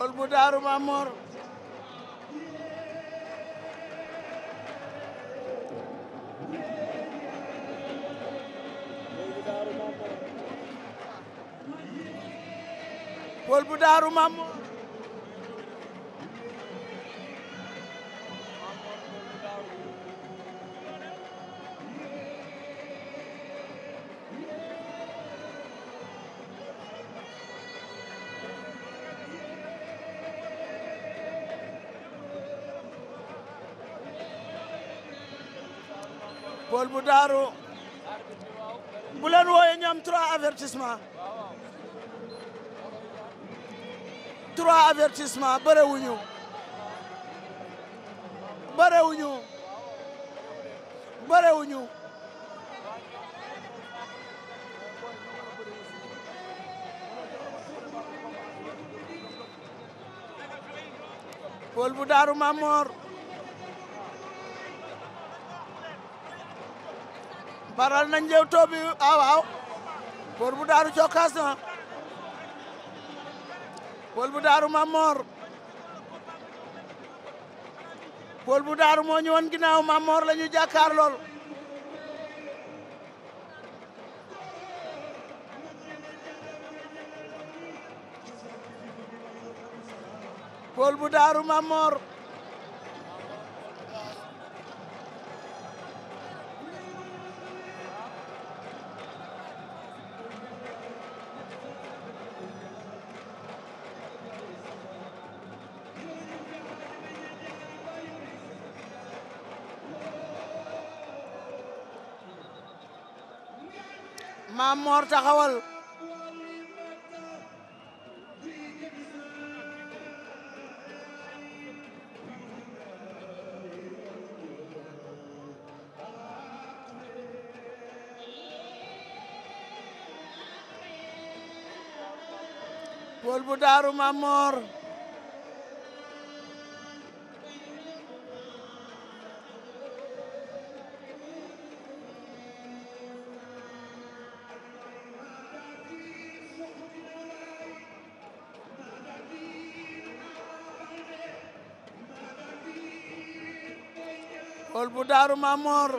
olbudaru bu olbudaru ma moor kol Paul bu daaru bu leen wooyee ñu am trois avertissement trois avertissement bërewuñu bërewuñu bërewuñu Paul bu daaru Mamor paral nañ njëw too bi bu daaru cokkaas na ah. Paul bu daaru Mamor Paul bu daaru moo ñëwoon ginnaaw Mamor la ñu jàkkaar lool Paul bu daaru Mamor maam Mor taxawal Paul bu Daaru maam Mor pël bu daaru Mamor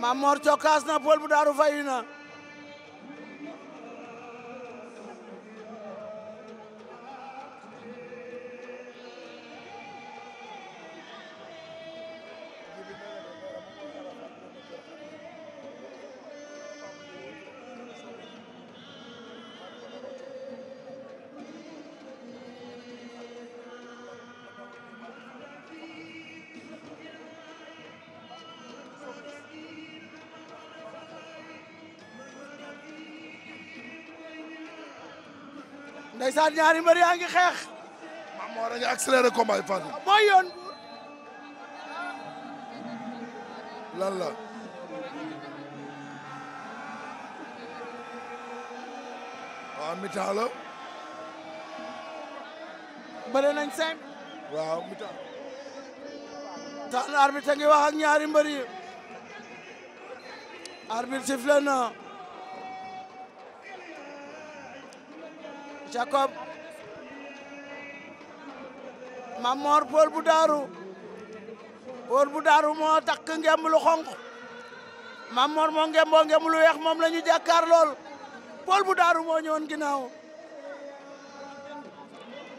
Mamor cokkaas na pël bu daaru fayu na ndaysan ñaari mbër yaangi xex xeex. maam moo accélérer combat yi Fatou. mooy yoon. lan la. waaw mi-temps la. bëri nañ sem waaw mi-temps. tax arbitre ngi wax ak ñaari mbër yi. arbitre sifflé na. Jacob Mamor Paul bu daaru Paul bu daaru moo takk ngemb lu xonq Mamor moo ngemboo ngemb lu weex moom la ñu jàkkaar lool Paul bu daaru moo ñëwoon ginnaaw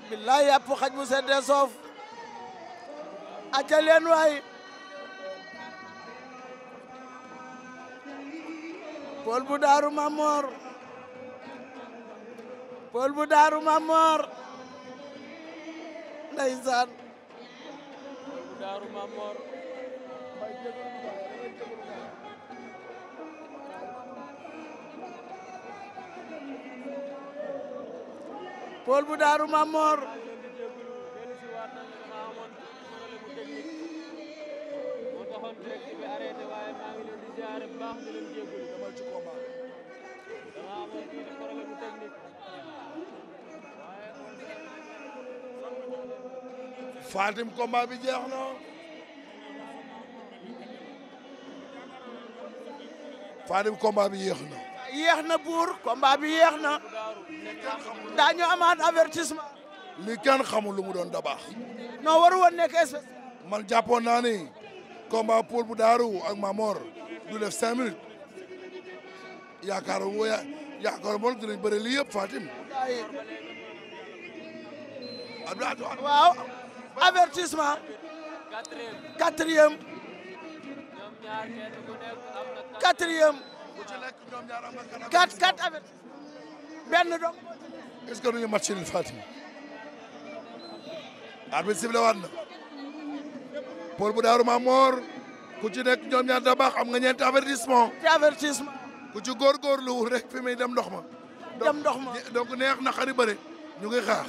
billaay yàpp xaj bu seddee soof aca leen Paul bu daaru Mamor bool bu daaru ma moor ndeysaan bu daaru ma moor amoon tuuti problème technique Fatim bi jeex na Fatim combat bi yéex na yéex na buur combat bi yéex na daañu amaat avertissement li kenn xamul lu mu doon da baax non waru woon nekk man jàppoon naa ni combat Paul bu daaru ak Mamor du def cinq minutes yaakaaroon nga ya yaakaaroon moom dinañ bëri lii yëpp Fatim. waaw avertissement. quatrième. quatrième. quatre quatre avertissement. benn dong. est-ce que duñu match ni Fatim. arbitre waat na. Paul bu Daaru Maamoor ku ci nekk ñoom ñaar da baax am nga ñeenti avertissement. avertissement. ku góor góorgóorluwul rek fi muy dem ndox ma. dem ndox ma donc neex na xari bëre ñu ngi xaax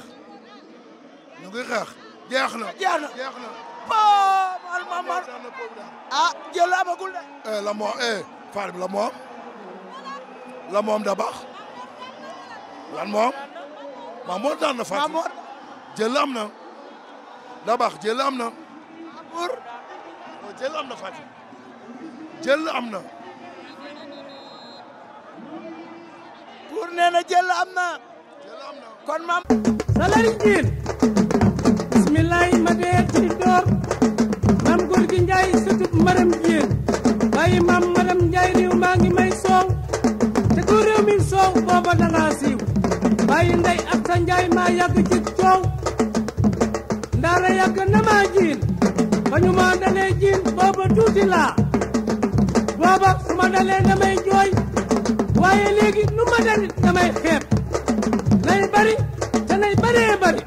ñu ngi xaax jeex na jeex na jeex na. Paul Mamar ah jël amagul de. Eh, la moo eh Fall bi la moo la moom da baax lan moom Mamor daan na Fall Mamor jël am na da baax jël am na. pour oh, jël am na Fall jël am na. Mansour nee na am na kon maam salari jiin bismillahi ma dee ci door maam góor gi Njaay sutub maram jiin bàyyi maam maram Njaay riw maa ngi may soow te ku mi soow booba danga siiw bàyyi ak sa Njaay maa yàgg ci coow ndaara yàgg na maa jiin ba ñu dalee jiin booba tuuti laa booba su ma dalee damay jooy waaye léegi nu ma def damay xeeb nay bari te nay baree bari